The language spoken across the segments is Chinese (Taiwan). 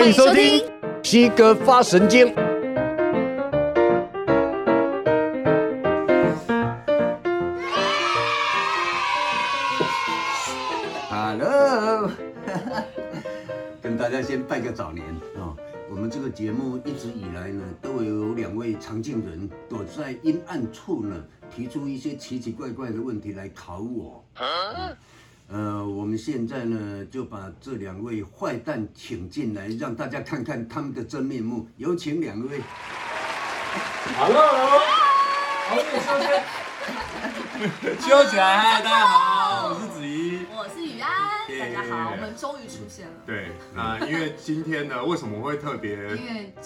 歡迎，歡迎收聽《西哥發神經》 Hello。Hello， 跟大家先拜個早年哦。我們這個節目一直以來呢，都有兩位藏鏡人躲在陰暗處呢，提出一些奇奇怪怪的問題來考我。Huh? 呃，我們現在呢就把這兩位壞蛋請進來，讓大家看看他們的真面目。有請兩位。Hello，hello，我是秋晨秋晨。嗨，大家好，啊我，是哦、我是子怡。大家好，yeah. 我們終於出現了。對，那因為今天呢，為什麼會特別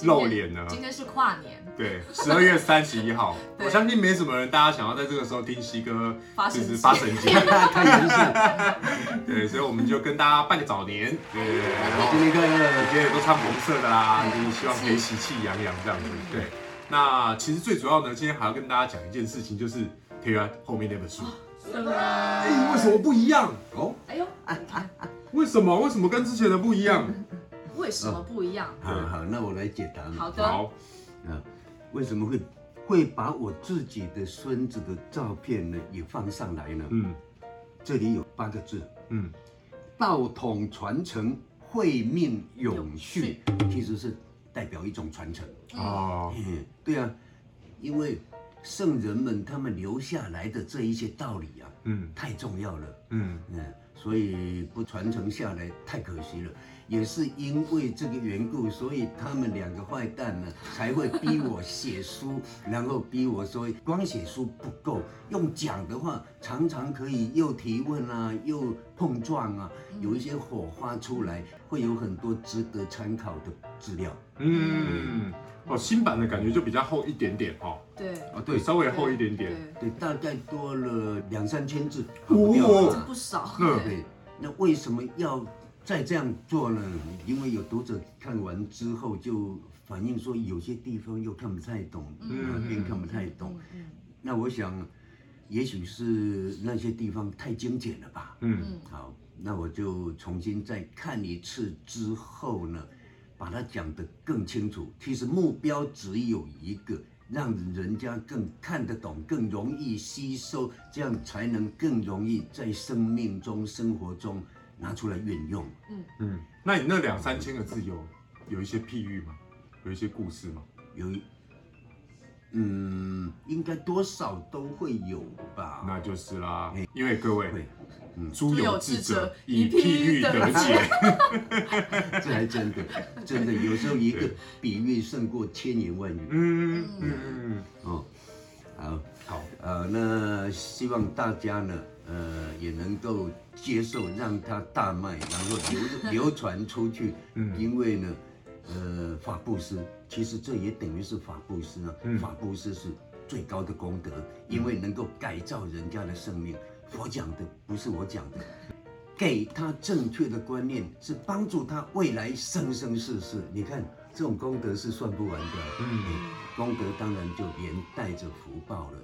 露臉呢？因為今天，今天是跨年，對，十二月三十一號。我相信沒什麼人，大家想要在這個時候聽西哥生就是發神經、看電視。 神經 神經 對，所以我們就跟大家拜個早年。對,對,對 今，今天跟今天也都穿紅色的啦， 就是希望可以喜氣洋洋這樣子。對, 對，那其實最主要呢，今天還要跟大家講一件事情，就是《天元》後面那本書。哎，為什麼不一樣哦？哎呦、啊啊啊，為什麼？為什麼跟之前的不一樣？ 為什麼不一樣？哦、好好，那我來解答了。好的好、啊。為什麼會會把我自己的孫子的照片呢也放上來呢、嗯？這裡有八個字。嗯，道統傳承，會命永續、永續、嗯，其實是代表一種傳承。嗯、哦、嗯，對啊，因為。聖人們他們留下來的這一些道理啊，嗯，太重要了，嗯嗯。所以不傳承下來太可惜了，也是因為這個緣故，所以他們兩個壞蛋呢才會逼我寫書， 然後逼我說光寫書不夠，用講的話常常可以又提問啊，又碰撞啊，有一些火花出來，會有很多值得參考的資料嗯。嗯，哦，新版的感覺就比較厚一點點哦。對。啊、哦、對，對，稍微厚一點點。對，對對，大概多了兩三千字。哇，哦哦這不少。嗯。對，那為什麼要再這樣做呢？因為有讀者看完之後就反映說有些地方又看不太懂，嗯，哪邊啊，看不太懂。嗯、那我想，也許是那些地方太精簡了吧。嗯，好，那我就重新再看一次之後呢，把它講得更清楚。其實目標只有一個。讓人家更看得懂，更容易吸收，這樣才能更容易在生命中、生活中拿出來運用。嗯嗯，那你那兩三千個字有有一些譬喻嗎？有一些故事嗎？有。嗯，應該多少都會有吧。那就是啦，因為各位，諸、嗯、有智者，以譬喻得解， 這還真的，真的有時候一個比喻勝過千言萬語。嗯嗯嗯嗯、哦、好，好，呃，那希望大家呢，呃，也能夠接受，讓它大賣，然後流流傳出去。嗯， 因為呢，呃，法布施。其實這也等於是法布施啊，法布施是最高的功德，因為能夠改造人家的生命。佛講的不是我講的，給他正確的觀念，是幫助他未來生生世世。你看，這種功德是算不完的，哎。功德當然就連帶着福報了，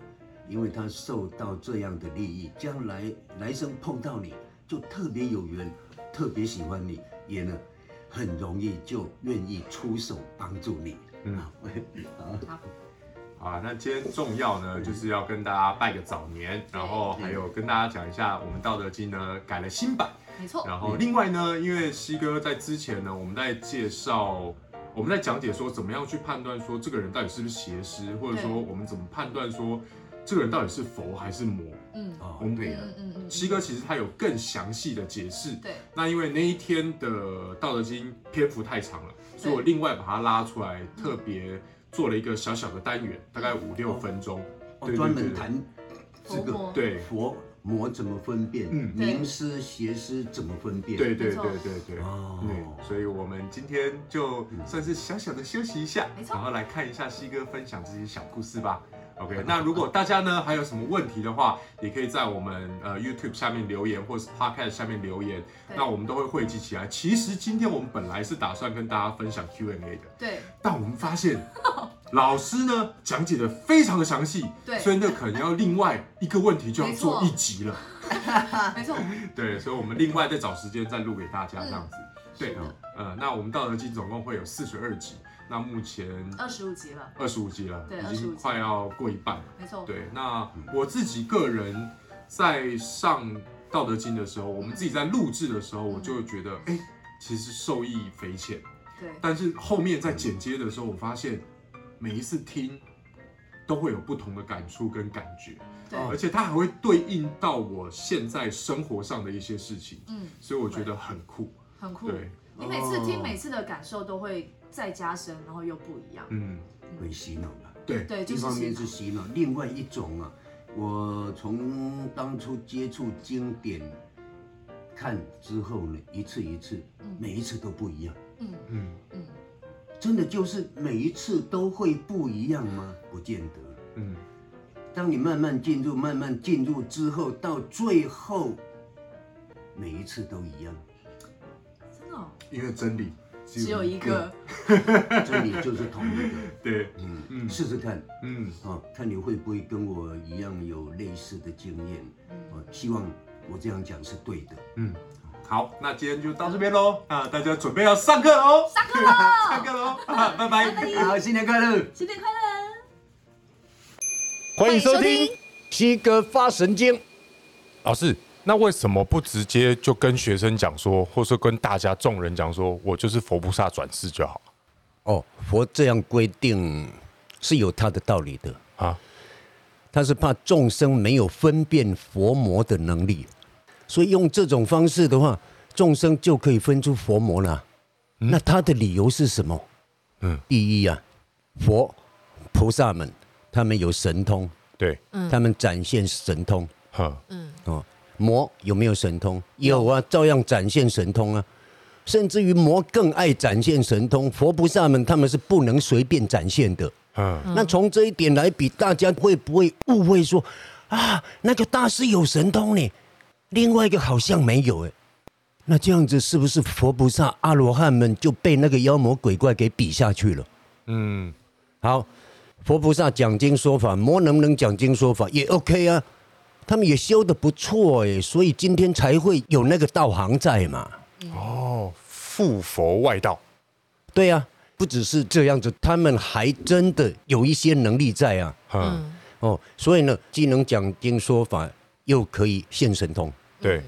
因為他受到這樣的利益，將來來生碰到你就特別有緣，特別喜歡你，也呢。很容易就願意出手幫助你。嗯，好好好，好，那今天重要呢、嗯，就是要跟大家拜個早年，嗯、然後還有跟大家講一下我們《道德經》呢改了新版，沒、嗯、錯。然後另外呢，因為西哥在之前呢，我們在介紹，我們在講解說怎麼樣去判斷說這個人到底是不是邪師，或者說我們怎麼判斷說。這個人到底是佛還是魔？嗯，嗯、哦、嗯嗯，嗯嗯嗯，西哥其實他有更詳細的解釋。對。那因為那一天的《道德經》篇幅太長了，所以我另外把它拉出來、嗯，特別做了一個小小的單元，嗯、大概五六分鐘、哦對對對對哦，專門談這個佛佛對佛魔怎麼分辨，嗯，明師邪師怎麼分辨？對對對對對。哦對。所以我們今天就算是小小的休息一下，嗯、然後來看一下西哥分享這些小故事吧。OK，嗯、那如果大家呢、嗯、還有什麼問題的話，嗯、也可以在我們呃 YouTube 下面留言，或是 Podcast 下面留言，那我們都會匯集起來、嗯。其實今天我們本來是打算跟大家分享 Q&A 的，對，但我們發現、哦、老師呢講解得非常的詳細，對，所以那可能要另外一個問題就要做一集了，沒錯， 對，所以我們另外再找時間再錄給大家這樣子，的對，嗯、呃呃，那我們《道德經》總共會有四十二集。那目前二十五集了，二十五集了，對，已經快要過一半了。沒錯，對。那我自己個人在上《道德經》的時候、嗯，我們自己在錄制的時候，嗯、我就會覺得，哎、欸，其實受益匪淺。對。但是後面在剪接的時候，我發現每一次聽都會有不同的感觸跟感覺。對、呃。而且它還會對應到我現在生活上的一些事情。嗯。所以我覺得很酷。很酷。對。你每次聽，每次的感受都會再加深，然後又不一樣。嗯，嗯會洗腦吧？對，對，一方面是洗腦，洗腦，另外一種啊，我從當初接觸經典看之後呢，一次一次，每一次都不一樣。嗯嗯嗯，真的就是每一次都會不一樣嗎？不見得。嗯，當你慢慢進入，慢慢進入之後，到最後，每一次都一樣。因為真理只有一個， 真理就是同一個。 對，嗯嗯，試試看，嗯啊、哦，看你會不會跟我一樣有類似的經驗。嗯，我希望我這樣講是對的。嗯，好，那今天就到這邊嘍。啊，大家準備要上課嘍！上課嘍！ 上課嘍咯！啊， 啊、拜拜！好，新年快樂！新年快樂！歡迎收聽《西哥發神經》，老師。那為什麼不直接就跟學生講說，或者說跟大家眾人講說，我就是佛菩薩轉世就好？哦，佛這樣規定是有他的道理的啊。他是怕眾生沒有分辨佛魔的能力，所以用這種方式的話，眾生就可以分出佛魔了。嗯、那他的理由是什麼？嗯，第一啊，佛菩薩們他們有神通，對，嗯、他們展現神通，哈、嗯，嗯，哦。魔有沒有神通？有啊，照樣展現神通啊。甚至於魔更愛展現神通。佛菩薩們他們是不能隨便展現的。嗯。那從這一點來比，大家會不會誤會說啊，那個大師有神通呢？另外一個好像沒有誒，那這樣子是不是佛菩薩、阿羅漢們就被那個妖魔鬼怪給比下去了？嗯。好，佛菩薩講經說法，魔能不能講經說法也 OK 啊？他們也修得不錯哎，所以今天才會有那個道行在嘛。哦，附佛外道，對呀、啊，不只是這樣子，他們還真的有一些能力在啊。嗯，哦，所以呢，既能講經說法，又可以現神通。對，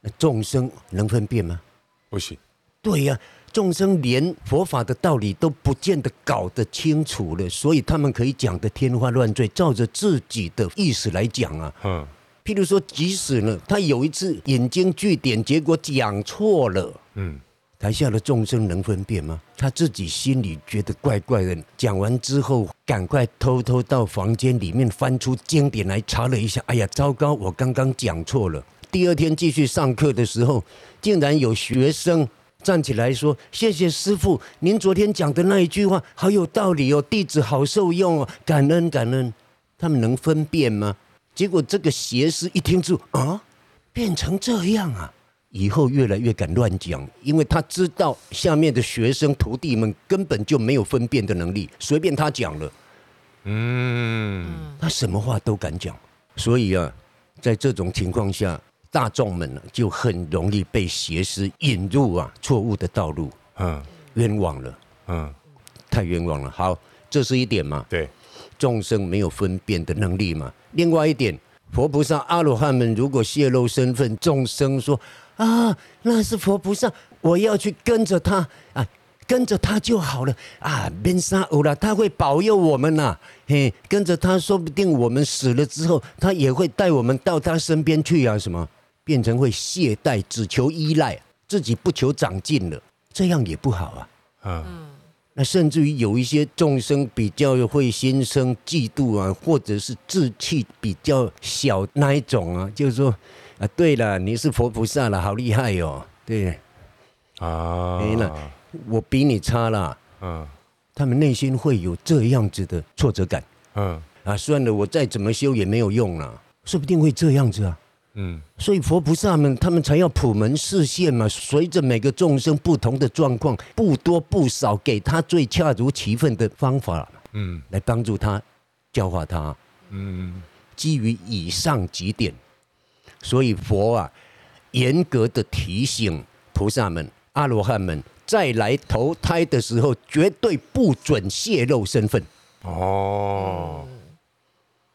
那眾生能分辨嗎？不行。對呀，眾生連佛法的道理都不見得搞得清楚了，所以他們可以講得天花亂墜，照着自己的意思來講啊。嗯。譬如說，即使呢，他有一次引經據典，結果講錯了，嗯，台下的眾生能分辨嗎？他自己心裡覺得怪怪的。講完之後，趕快偷偷到房間裡面翻出經典來查了一下。哎呀，糟糕，我剛剛講錯了。第二天繼續上課的時候，竟然有學生站起來說：“謝謝師父，您昨天講的那一句話好有道理哦，弟子好受用哦，感恩感恩。”他們能分辨嗎？結果這個邪師一聽就啊，變成這樣啊，以後越來越敢亂講，因為他知道下面的學生徒弟們根本就沒有分辨的能力，隨便他講了，嗯，他什麼話都敢講，所以啊，在這種情況下，大眾們就很容易被邪師引入啊錯誤的道路，嗯、啊，冤枉了，嗯、啊，太冤枉了，好，這是一點嘛，對。眾生沒有分辨的能力嘛？另外一點，佛菩薩、阿羅漢們如果洩露身份，眾生說啊，那是佛菩薩，我要去跟着他啊，跟着他就好了啊，冰沙偶了，他會保佑我們吶、啊。嘿，跟着他，說不定我們死了之後，他也會帶我們到他身邊去啊。什麼變成會懈怠，只求依賴，自己不求長進了，這樣也不好啊。啊。那甚至於有一些眾生比較會心生嫉妒啊，或者是志氣比較小那一種啊，就是說，啊，對了，你是佛菩薩了，好厲害喲、哦，對，啊，沒、欸、了，我比你差了，嗯，他們內心會有這樣子的挫折感，嗯，啊，算了，我再怎麼修也沒有用了，說不定會這樣子啊。嗯，所以佛菩薩們，他們才要普門示現嘛，隨着每個眾生不同的狀況，不多不少，給他最恰如其分的方法，嗯，來幫助他，教化他，嗯，基於以上幾點，所以佛啊，嚴格的提醒菩薩們、阿羅漢們，再來投胎的時候，絕對不准洩露身份。哦，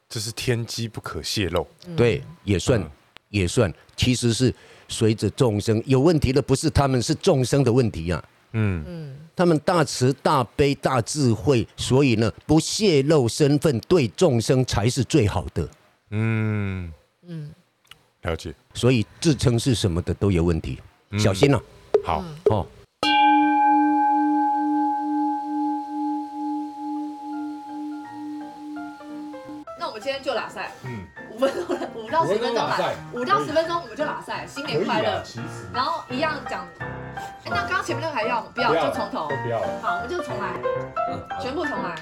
這是天機不可洩露，嗯、對，也算、嗯。也算，其實是隨着眾生有問題的，不是他們是眾生的問題啊。嗯，他們大慈大悲大智慧，所以呢，不泄露身份對眾生才是最好的。嗯嗯，了解。所以自稱是什麼的都有問題，嗯、小心了、啊。好哦。那我們今天就打賽。嗯。五分鐘，五到十分鐘吧，五到十分鐘我們就拉賽，新年快樂、啊。然後一樣講，哎、欸，那剛剛前面那個還要嗎？不要，不要就從頭。不要。好，我們就重來，全部重來，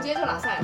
今天就拉賽。